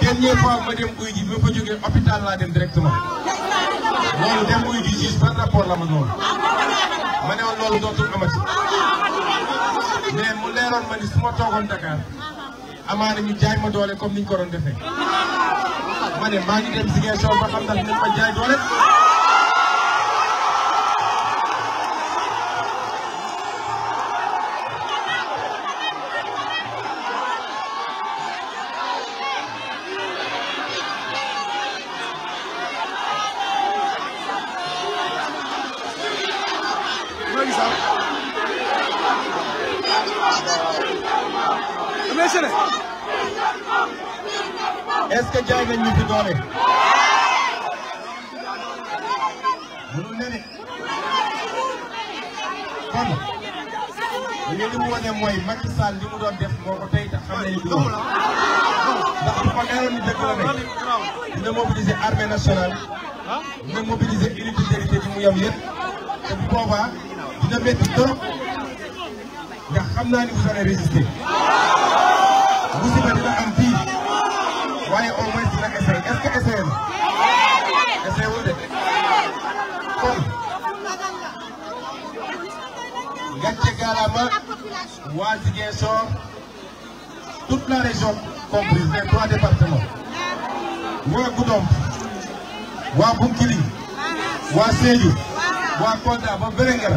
dernière fois ma dem uy ji bi fa jógee hôpital laa dem directement loolu dem ma ne woon loolu dootul amati mais mu leeroon ma ni su ma ñu jaay ma doole comme niñ ko doon defee ma ne maa ngi dem Ziguinchor ba xam ndax ma jaay doole. ndeysaan damay sene est-ce que jaay nga ñu fi doole mënul ne de kon li mu wane mooy Macky Sall li mu doon def moo ko tey te xam nañu ko ah. ndax bu ko neewoon ni dëkk la ne dina mobiliser armée nationale ah. dina mobiliser unité de sécurité bi mu yem yëpp te bu boobaa dina métti trop ndax xam vous allez résister Vous musiba dina am Vous voyez au moins dina essayé est-ce que SN SN essayé wul de kon la population. waa toute la région comprise les trois départements waa Goudom, waa Bounkiling waa Sédhiou waa Kolda ba Vélingara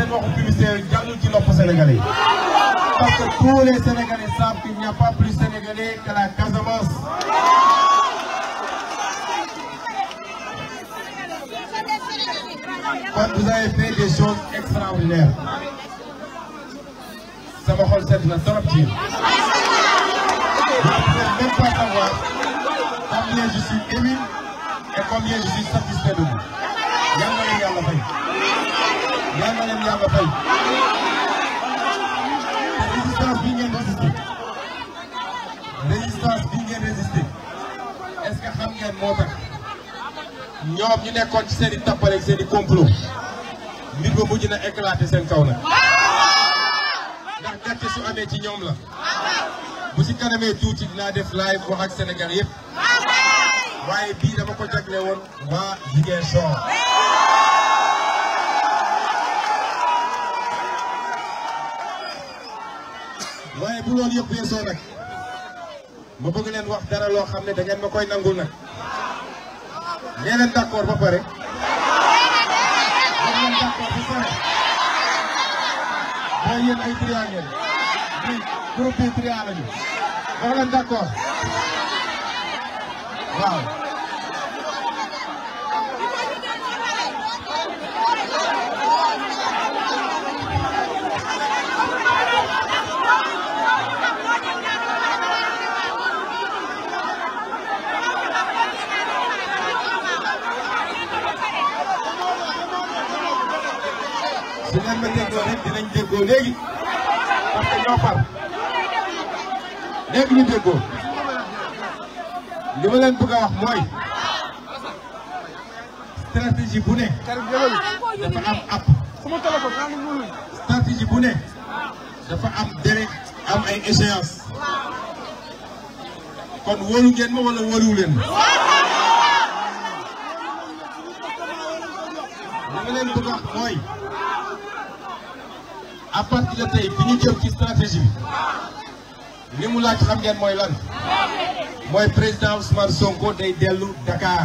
c'est waxu publicité qui l'offre lopp Sénégalais parce que tous les Sénégalais savent qu'il n'y a pas plus Sénégalais que la Casamance. quand vous avez fait des choses extraordinaires sama xol à na trop pouvez même pas savoir combien je suis ému et combien je suis satisfait de vous. ngeen yàlla fay résistance bi ngeen résisté est-ce xam ngeen moo tax ñoom ñu nekkoon ci seen i tappale ak seen i complot mbir ba mujj na éclaté seen kaw na ndax gàcce su amee ci ñoom la bu si kanamee tuuti dinaa def live wax ak Sénégal yëpp waaye bii dama ko jagle woon waa Ziguinchor waaye bu loolu yëpp weesoo nag ma bëgg leen wax dara loo xam ne dangeen ngeen ma koy nangul nag nee leen d'accord ba pare. nee leen ay triant ngeen. muy groupe bi triant waaw. su ngeen ma déggoo rek dinañ déggoo léegi parce que ñoo far léegi ñu déggoo li ma leen bëgg a wax mooy stratégie bu ne dafa am app stratégie bu ne dafa am délai am ay échéance kon wóolu ngeen ma wala wóoluwu leen ma wax mooy à partir de tey bi ñu jëm ci stratégie li mu laaj xam ngeen mooy lan mooy président Ousmane Sonko day dellu Dakar.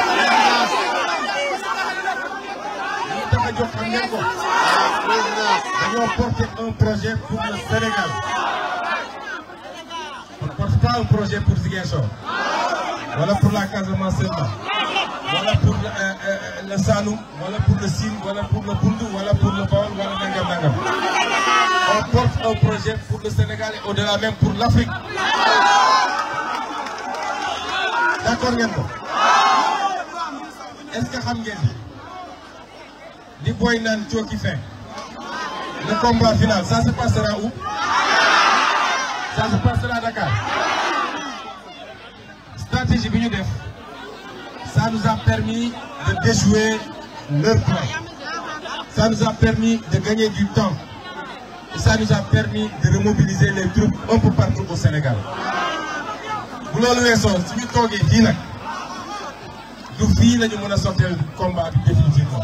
On porte un projet pour le Sénégal on ne porte pas un projet pour Ziguinchor Voilà pour la Casamance Voilà Voilà pour le Saloum Voilà pour le Sine Voilà pour le bundou Voilà pour le Voilà pour le nangam on porte un projet pour le Sénégal et au-delà même pour l'Afrique d'accord ngeen est-ce que xam ngeen le combat final, ça se passera où Ça se passera à Dakar. Stratégie Binudef, ça nous a permis de déjouer leur plan. Ça nous a permis de gagner du temps. Et ça nous a permis de remobiliser les troupes un peu partout au Sénégal. bu du fii la mën a sotteel combat bi définitivement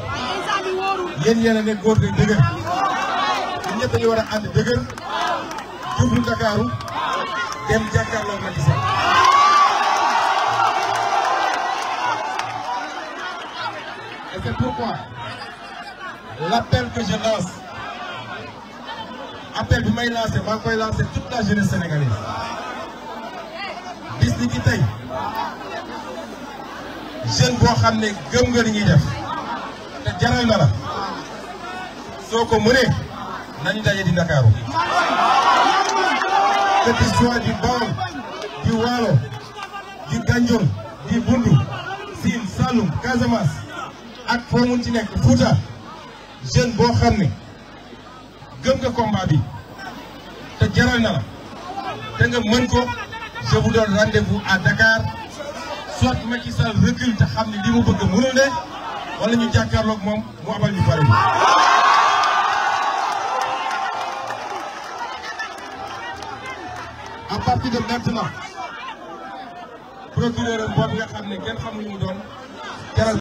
yéen yéen a ne góor day dëgër ñun ñëpp dañu war a ànd dëgër jublu Dakaaru dem jàkkaarloo Macky Sall et c'est pourquoi l'appel que je lance appel bi may lancé maa ngi koy lancé toute la jeunesse sénégalaise bis ni tey jeune boo xam ne gëm nga li ñuy def te jaral na soo ko mënee nañu daje di Ndakaaru que tu sois di Bawol di Waalo di Ganjol di Bundu Siin Saloum Casamance ak foo ci nekk Fuuta jeune boo xam ne gëm nga combat bi te jaral na la te nga mën ko je vous donne rendez-vous à soit Macky Sall recule te xam ne li mu bëgg mënul de wala ñu jàkkaarloog moom mu abal ñu pare. à partir de maintenant procureur boobu nga xam ne kenn xamul mu doon.